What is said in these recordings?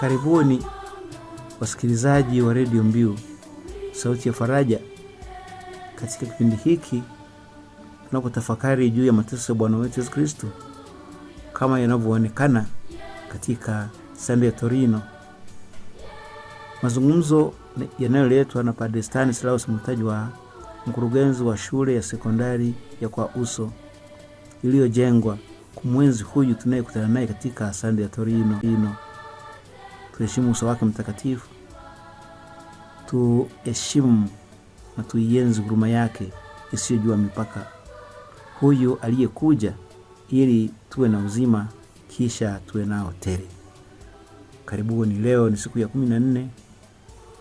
Karibuni wasikilizaji wa redio Mbiu sauti ya faraja, katika kipindi hiki tunapotafakari juu ya mateso ya Bwana wetu Yesu Kristo kama yanavyoonekana katika sande ya Torino, mazungumzo yanayoletwa na Padre Stanislaus wa mkurugenzi wa shule ya sekondari ya Kwa Uso iliyojengwa kumwenzi huyu tunayekutana naye katika sande ya Torino tuheshimu uso wake mtakatifu, tuheshimu na tuienzi huruma yake isiyojua mipaka, huyu aliyekuja ili tuwe na uzima kisha tuwe nao tele. Karibuni, leo ni siku ya kumi na nne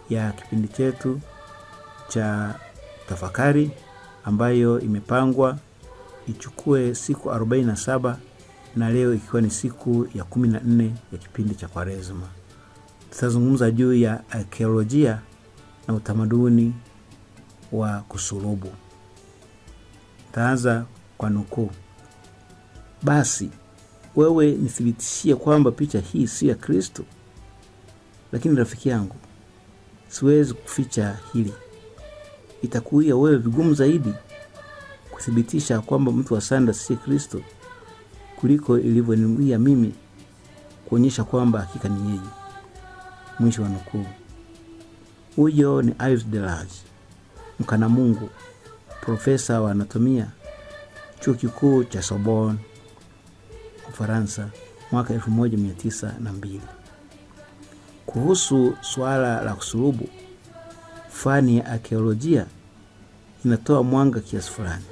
ya kipindi chetu cha tafakari ambayo imepangwa ichukue siku arobaini na saba na leo ikiwa ni siku ya kumi na nne ya kipindi cha Kwaresma tutazungumza juu ya arkeolojia eh, na utamaduni wa kusurubu. Taanza kwa nukuu: basi wewe nithibitishie kwamba picha hii si ya Kristo. Lakini rafiki yangu, siwezi kuficha hili. Itakuia wewe vigumu zaidi kuthibitisha kwamba mtu wa sanda si Kristo kuliko ilivyoniwia mimi kuonyesha kwamba hakika ni yeye. Mwisho wa nukuu. Huyo ni Ives Delage, mkana Mungu, profesa wa anatomia chuo kikuu cha Sorbonne Ufaransa mwaka 1902. Kuhusu swala la kusulubu, fani ya arkeolojia inatoa mwanga kiasi fulani.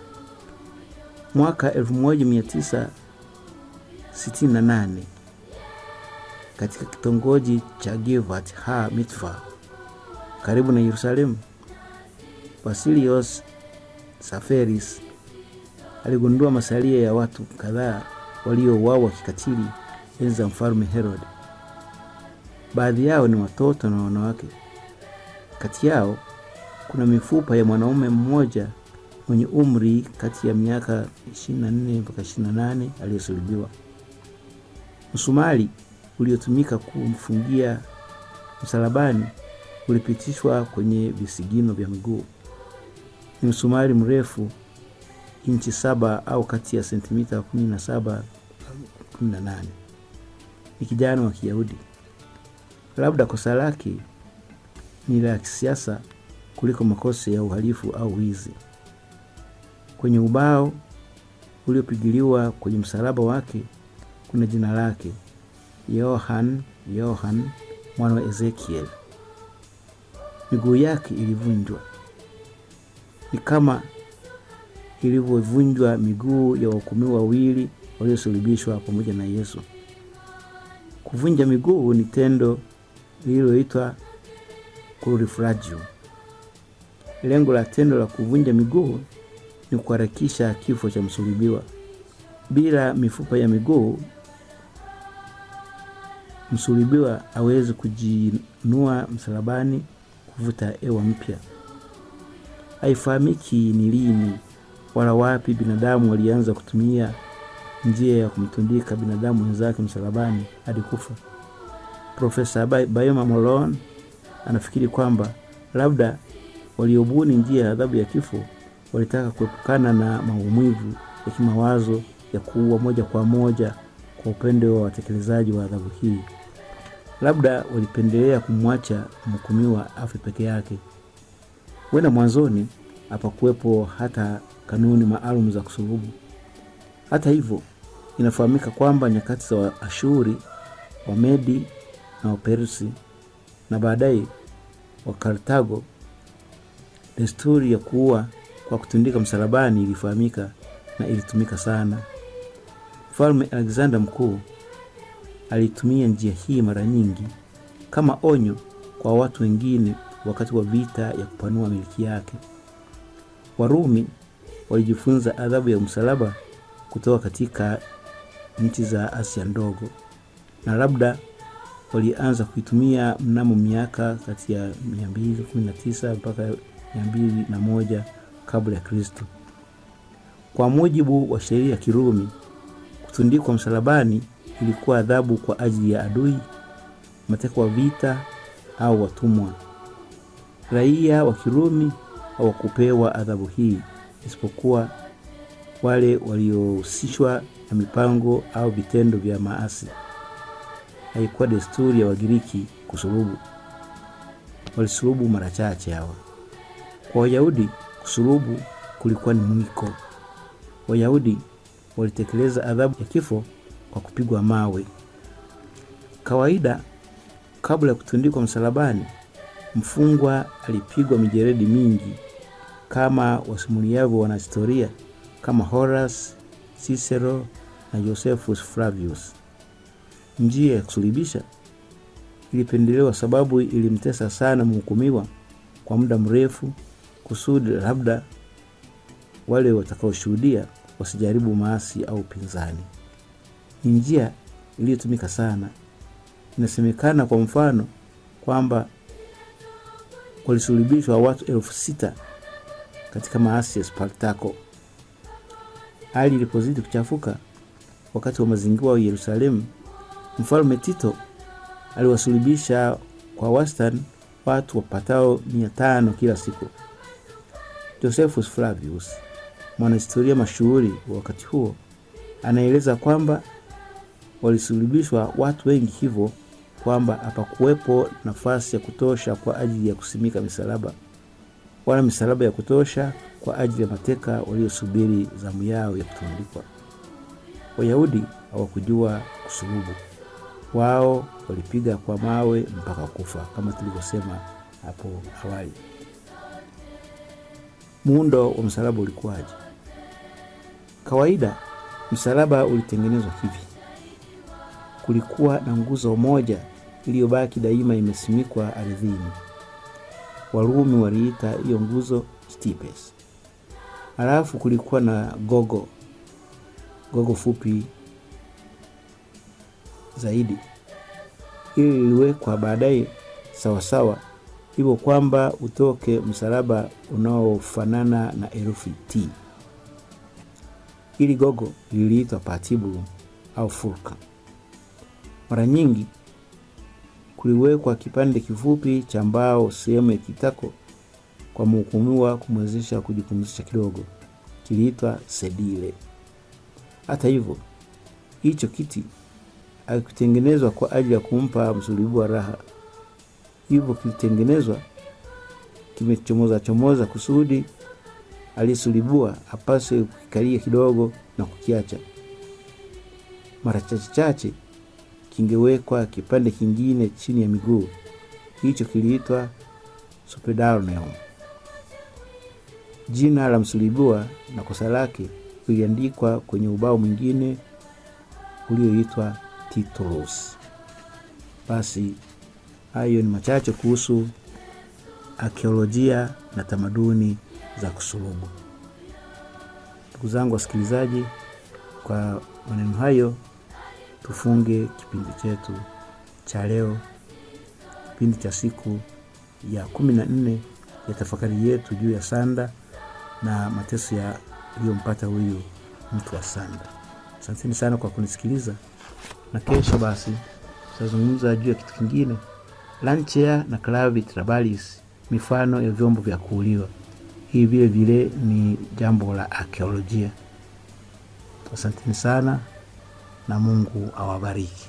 Mwaka 1968 katika kitongoji cha Givat ha Mitfa karibu na Yerusalemu. Basilios Saferis aligundua masalia ya watu kadhaa waliouawa kikatili enzi za mfalme Herod. Baadhi yao ni watoto na wanawake. Kati yao kuna mifupa ya mwanaume mmoja mwenye umri kati ya miaka 24 mpaka 28 aliyosulubiwa. Msumari uliotumika kumfungia msalabani ulipitishwa kwenye visigino vya miguu. Ni msumari mrefu inchi saba au kati ya sentimita kumi na saba kumi na nane. Ni kijana wa Kiyahudi, labda kosa lake ni la kisiasa kuliko makosa ya uhalifu au wizi. Kwenye ubao uliopigiliwa kwenye msalaba wake kuna jina lake Yohan, Yohan mwana wa ezekiel miguu yake ilivunjwa ni kama ilivyovunjwa miguu ya wakumi wawili waliosulubishwa pamoja na Yesu. Kuvunja miguu ni tendo lililoitwa kurifragio. Lengo la tendo la kuvunja miguu ni kuharakisha kifo cha msulubiwa. Bila mifupa ya miguu msulubiwa aweze kujinua msalabani kuvuta hewa mpya. Haifahamiki ni lini wala wapi binadamu walianza kutumia njia ya kumtundika binadamu wenzake msalabani hadi kufa. Profesa Bayoma Molon anafikiri kwamba labda waliobuni njia ya adhabu ya kifo walitaka kuepukana na maumivu ya kimawazo ya kuua moja kwa moja kwa upendo wa watekelezaji wa adhabu hii labda walipendelea kumwacha mhukumiwa afe peke yake. Wena mwanzoni hapakuwepo hata kanuni maalum za kusulubu. Hata hivyo, inafahamika kwamba nyakati za Waashuri, Wamedi na Wapersi na baadaye wakartago desturi ya kuua kwa kutundika msalabani ilifahamika na ilitumika sana. Mfalme Alexander Mkuu Alitumia njia hii mara nyingi kama onyo kwa watu wengine wakati wa vita ya kupanua miliki yake. Warumi walijifunza adhabu ya msalaba kutoka katika nchi za Asia ndogo na labda walianza kuitumia mnamo miaka kati ya 219 mpaka 201 kabla ya Kristo. Kwa mujibu wa sheria ya Kirumi, kutundikwa msalabani ilikuwa adhabu kwa ajili ya adui, mateka wa vita au watumwa. Raia wa Kirumi hawakupewa adhabu hii, isipokuwa wale waliohusishwa na mipango au vitendo vya maasi. Haikuwa desturi ya Wagiriki kusulubu. Walisulubu mara chache hawa. Kwa Wayahudi kusulubu kulikuwa ni mwiko. Wayahudi walitekeleza adhabu ya kifo kwa kupigwa mawe. Kawaida, kabla ya kutundikwa msalabani, mfungwa alipigwa mijeredi mingi, kama wasimuliavyo wanahistoria kama Horace, Cicero na Josephus Flavius. Njia ya kusulibisha ilipendelewa sababu ilimtesa sana mhukumiwa kwa muda mrefu, kusudi labda wale watakaoshuhudia wasijaribu maasi au pinzani ni njia iliyotumika sana. Inasemekana kwa mfano kwamba walisulubishwa watu elfu sita katika maasi ya spartaco Hali ilipozidi kuchafuka wakati wa mazingira wa Yerusalemu, mfalme Tito aliwasulubisha kwa wastani watu wapatao mia tano kila siku. Josephus Flavius, mwanahistoria mashuhuri wa wakati huo, anaeleza kwamba walisulubishwa watu wengi hivyo kwamba hapakuwepo nafasi ya kutosha kwa ajili ya kusimika misalaba wala misalaba ya kutosha kwa ajili ya mateka waliosubiri zamu yao ya kutundikwa. Wayahudi hawakujua kusulubu, wao walipiga kwa mawe mpaka kufa, kama tulivyosema hapo awali. Muundo wa msalaba ulikuwaje? Kawaida msalaba ulitengenezwa hivi: kulikuwa na nguzo moja iliyobaki daima imesimikwa ardhini. Warumi waliita hiyo nguzo stipes. Halafu kulikuwa na gogo, gogo fupi zaidi, ili liliwekwa baadaye sawasawa hivyo kwamba utoke msalaba unaofanana na herufi T. Ili gogo liliitwa patibu au fulka mara nyingi kuliwekwa kipande kifupi cha mbao sehemu ya kitako kwa mhukumiwa kumwezesha kujipumzisha kidogo, kiliitwa sedile. Hata hivyo, hicho kiti hakikutengenezwa kwa ajili ya kumpa msulubiwa raha, hivyo kilitengenezwa kimechomoza chomoza kusudi aliyesulibiwa apaswe kukikalia kidogo na kukiacha. Mara chache chache kingewekwa kipande kingine chini ya miguu. Hicho kiliitwa supedalneum. Jina la msulibua na kosa lake liliandikwa kwenye ubao mwingine ulioitwa Titulus. Basi hayo ni machache kuhusu akeolojia na tamaduni za kusulubu. Ndugu zangu wasikilizaji, kwa maneno hayo tufunge kipindi chetu cha leo, kipindi cha siku ya kumi na nne ya tafakari yetu juu ya sanda na mateso yaliyompata huyu mtu wa sanda. Asanteni sana kwa kunisikiliza, na kesho basi tutazungumza juu ya kitu kingine, lancia na clavi trabalis, mifano ya vyombo vya kuuliwa. Hii vile vile ni jambo la arkeolojia. Asanteni sana na Mungu awabariki.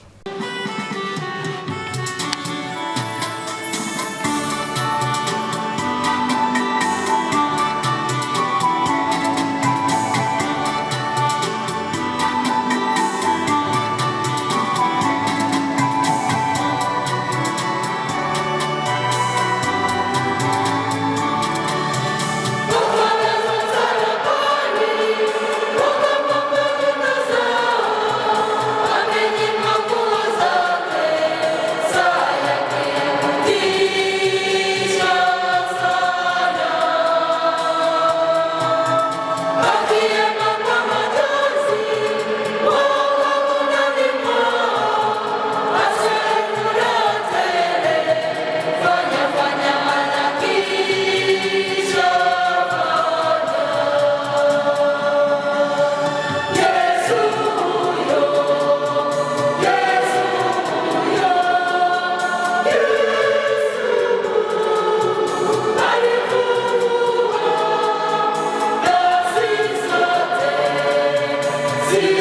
see.